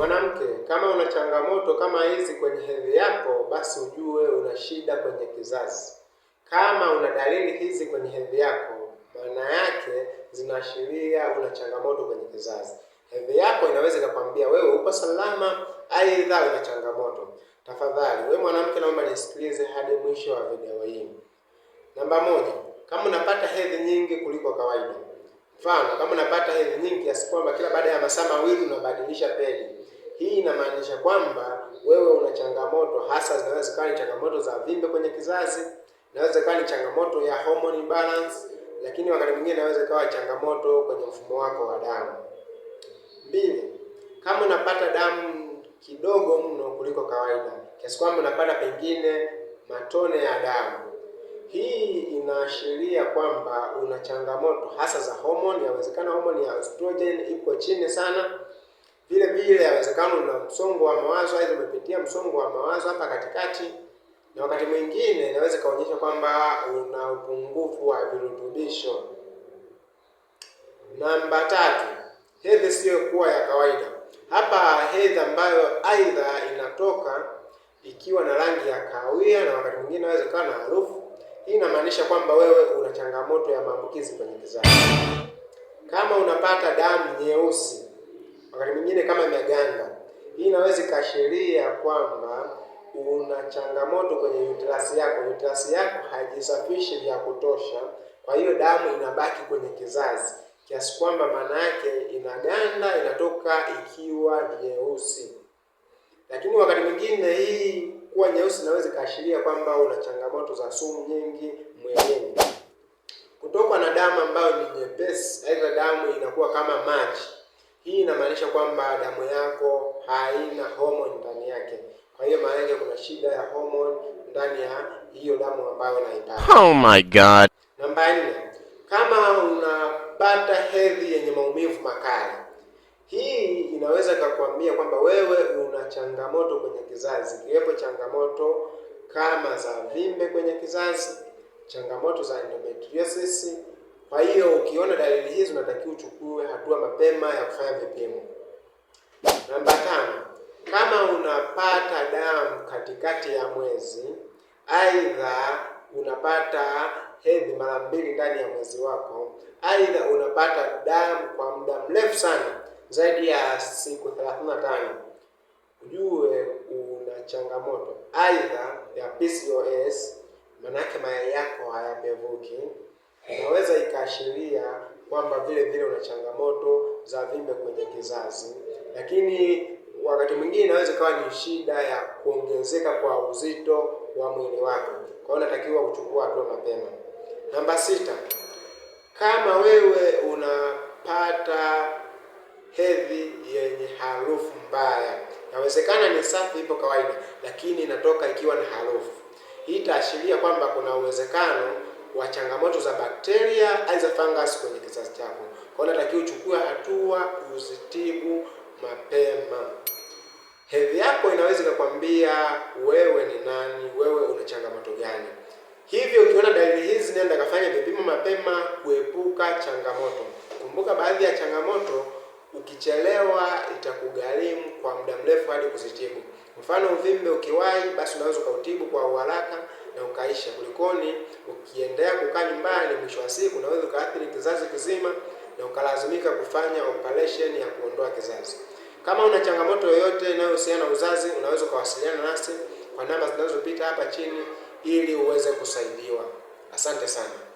Mwanamke, kama una changamoto kama hizi kwenye hedhi yako, basi ujue una shida kwenye kizazi. Kama una dalili hizi kwenye hedhi yako, maana yake zinaashiria una changamoto kwenye kizazi. Hedhi yako inaweza ikakwambia wewe upo salama, aidha una changamoto. Tafadhali wewe mwanamke, naomba nisikilize hadi mwisho wa video hii. Namba moja, kama unapata hedhi nyingi kuliko kawaida Mfano, kama unapata hela nyingi kiasi kwamba kila baada ya masaa mawili unabadilisha peni, hii inamaanisha kwamba wewe una changamoto hasa, zinaweza kuwa ni changamoto za vimbe kwenye kizazi, inaweza kuwa ni changamoto ya hormone imbalance, lakini wakati mwingine inaweza ikawa changamoto kwenye mfumo wako wa damu. Mbili, kama unapata damu kidogo mno kuliko kawaida kiasi kwamba unapata pengine matone ya damu hii inaashiria kwamba una changamoto hasa za homoni. Yawezekana homoni ya estrogen iko chini sana, vile vile yawezekana una msongo wa mawazo, aidha umepitia msongo wa mawazo hapa katikati, na wakati mwingine inaweza ikaonyesha kwamba una upungufu wa virutubisho. Namba tatu, hedhi siyo kuwa ya kawaida. Hapa hedhi ambayo aidha inatoka ikiwa na rangi ya kahawia na wakati mwingine inaweza ikawa na harufu hii inamaanisha kwamba wewe una changamoto ya maambukizi kwenye kizazi. Kama unapata damu nyeusi, wakati mwingine kama imeganda, hii inaweza ikaashiria kwamba una changamoto kwenye uterus yako. Uterus yako haijisafishi vya kutosha, kwa hiyo damu inabaki kwenye kizazi kiasi kwamba maana yake inaganda, inatoka ikiwa nyeusi. Lakini wakati mwingine hii kuwa nyeusi inaweza ikaashiria kwamba una changamoto za sumu nyingi mwilini. Kutokwa na damu ambayo ni nyepesi, aidha damu inakuwa kama maji, hii inamaanisha kwamba damu yako haina homoni ndani yake. Kwa hiyo maana yake kuna shida ya homoni ndani ya hiyo damu ambayo unaipata. Oh my god. Namba nne, kama unapata hedhi yenye maumivu makali akakwambia kwamba wewe una changamoto kwenye kizazi, ikiwepo changamoto kama za vimbe kwenye kizazi, changamoto za endometriosis. Kwa hiyo ukiona dalili hizi, unatakiwa uchukue hatua mapema ya kufanya vipimo. Namba tano, kama unapata damu katikati ya mwezi, aidha unapata hedhi mara mbili ndani ya mwezi wako, aidha unapata damu kwa muda mrefu sana zaidi ya siku 35 ujue una changamoto aidha ya PCOS, manake mayai yako hayapevuki, inaweza ikaashiria kwamba vile vile una changamoto za vimbe kwenye kizazi, lakini wakati mwingine inaweza ikawa ni shida ya kuongezeka kwa uzito wa mwili wako. Kwa hiyo unatakiwa kuchukua hatua mapema. Namba sita, kama wewe unapata hedhi yenye harufu mbaya. Inawezekana ni safi, ipo kawaida, lakini inatoka ikiwa na harufu hii. Itaashiria kwamba kuna uwezekano wa changamoto za bakteria au za fungus kwenye kizazi chako. Kwa hiyo natakiwa uchukue hatua uzitibu mapema. Hedhi yako inaweza ikakwambia wewe ni nani, wewe una changamoto gani. Hivyo ukiona dalili hizi, nenda kafanya vipimo mapema kuepuka changamoto. Kumbuka baadhi ya changamoto ukichelewa itakugharimu kwa muda mrefu hadi kuzitibu. Mfano, uvimbe ukiwahi, basi unaweza ukautibu kwa uharaka na ukaisha, kulikoni ukiendelea kukaa nyumbani, mwisho wa siku unaweza ukaathiri kizazi kizima na ukalazimika kufanya operation ya kuondoa kizazi. Kama una changamoto yoyote inayohusiana na uzazi, unaweza ukawasiliana nasi kwa namba zinazopita hapa chini ili uweze kusaidiwa. Asante sana.